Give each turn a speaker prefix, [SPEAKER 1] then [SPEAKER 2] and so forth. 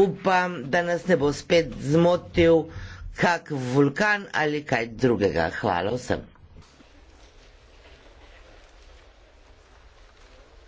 [SPEAKER 1] Upam, da nas ne bo spet zmotil kak vulkan ali kaj drugega. Hvala vsem.